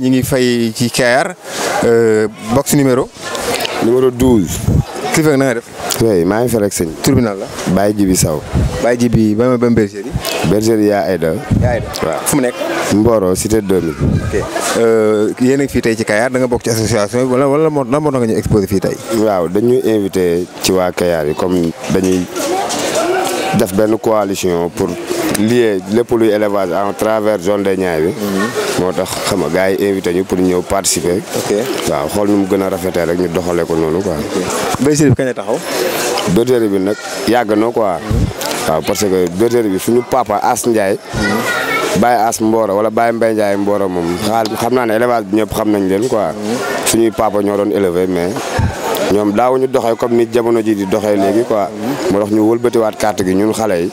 ñu ngi fay ci Kayar euh, box numéro. numéro 12. Kilifa def. maa ngi fay sëñ. tribunal la. Baye Jibi Sow. Baye Jibi ba ma ba bergerie. bergerie yaa Aïda. yaa Aïda waaw fu mu nekk. Mboro cité 2000. ok euh, yéen fii tey ci Kayar da nga bokk ci association wala wala lan moo tax nga ñu exposé fii tey. waaw dañuy invité ci waa Kayar yi comme dañuy def benn coalition pour. lié lépp luy élevage en travers zone des Niayes bi. Mhm. moo tax xama nga gars yi invité ñu pour ñëw participer. waaw xool nu mu gën a rafetee rek ñu doxalee ko noonu quoi. bergerie bi kañ la taxaw. bergerie bi nag yàgg na quoi. Mhm. waaw que bergerie bi suñu papa As Ndiaye. Mhm. Baye As Mboro wala Baye Mbaye Ndiaye Mboro moom xaal xam naa ne élevage bi ñëpp xam nañ leen quoi. ñuy papa ñoo doon élevé mais. ñoom daawuñu doxee comme ni jamono ji di doxee léegi quoi. moo tax ñu wëlbatiwaat carte gi ñun xale yi.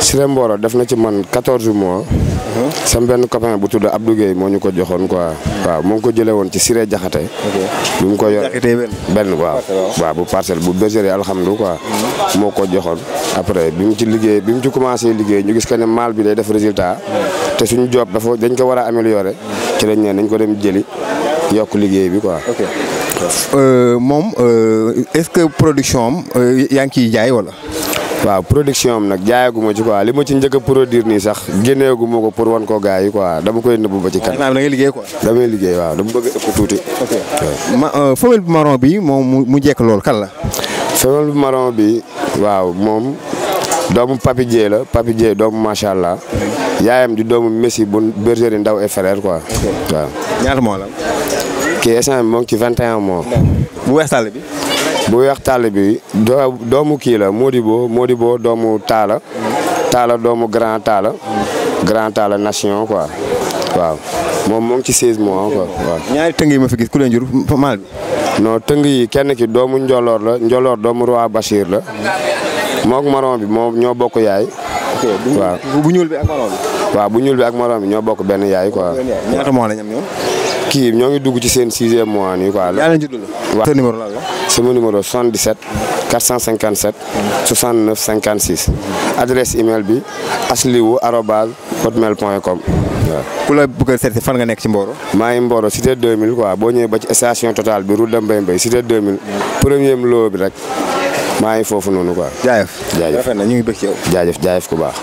Siré Mboro def na ci man 14 mois. sam benn copain bu tudd Abdou Gueye moo ñu ko joxoon quoi. waaw mu ngi ko jëlee woon ci Siré Jaxate. bi mu ko yor benn waaw. waaw bu parcelle bu bergerie alhamdu quoi. moo ko joxoon après bi mu ci liggéey bi mu ci commencé liggéey ñu gis que ne maal bi day def résultat. te suñu job dafa dañ ko war a améliorer. ci lañ ne dañ ko dem jëli yokk liggéey bi quoi. Euh, moom euh, est-ce que production am euh, yaa ngi ciy jaay wala. waaw production am nag jaayaguma ci quoi li ma ci njëkk a produire nii sax génneeguma ko pour wan ko gars yi quoi dama koy nëbbu ba ci kanam. waaw da ngay liggéey quoi. damay liggéey waaw dama bëgg ëpp tuuti. ok ma euh, femelle bu marron bi moom mu jekk lool kan la. femelle bu marron bi waaw moom doomu Papi Dieye la Papi doomu macha allah yaayam di doomu Messi bu bergerie Ndaw et Frère quoi. waaw ñaata moo la. kii instant bii moo ngi ci 21 mois. bu weesaale bi. bu weex tàll bi doomu kii la Modibo Modibo doomu Talla Talla doomu grand Talla grand Talla nation quoi grande moom moo ngi ci 16 mois quoi waaw. ñaari tëng yi me fi gis ku leen jur mal bi. non tëng yi kenn ki doomu Njoloor la Njoloor doomu Roi Bachir la mook maron bi moo ñoo bokk yaay. waaw bu ñuul bi ak maron bi. waaw bu ñuul bi ak maron bi ñoo bokk benn yaay quoi. ñaata moo la ñam ñoom. kii ñoo ngi dugg ci seen sixième mois nii quoi. yaa ngi judd la. waaw sa numéro la sama numéro 77 457 69 56 bi asliwu arobase hotmail point com waaw ku la bëgg a fan nga nekk ci Mboro. maa ngi Mboro cité mil quoi boo ñëwee ba ci station Total bi route de Mbaye Mbaye cité 2000 premier loo bi rek maa ngi foofu noonu quoi. jaajëf jaajëf rafet na ñu ngi bëgg ci yow. jaajëf jaajëf ku baax.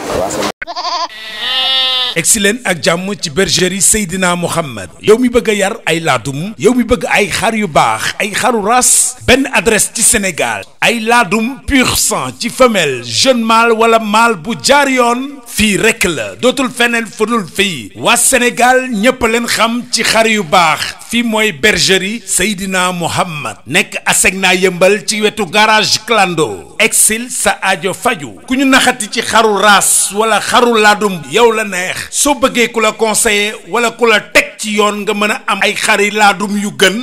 egsi leen ak jàmm ci bergerie Seydina Mouhamed yow mi bëgg a yar ay laatum yow mi bëgg ay xar yu baax ay xaru ras benn adresse ci Sénégal ay laadum pur sang ci femelle jeune mâle wala mâle bu jaar yoon fii rekk la dootul feneen fudul fii waa Sénégal ñépp leen xam ci xar yu baax fii mooy bergerie Seydina Mohamed nekk Asegna yëmbal ci wetu garage clando exil sa aajo faju ku ñu naxati ci xaru raas wala xaru laadum yow la neex soo bëggee ku la conseiller wala ku la teg ci yoon nga mën a am ay xari laadum yu gën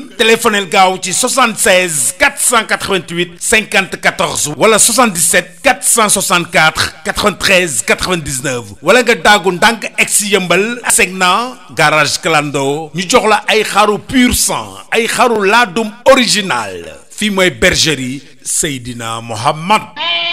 gaaw ci 76 488 54 wala 77 464 93 99 wala nga daagu ndànk egg yëmbal segna garage clando ñu jox la ay xaru pur sang ay xaru laadum original fii mooy bergerie Seydina Mohamed.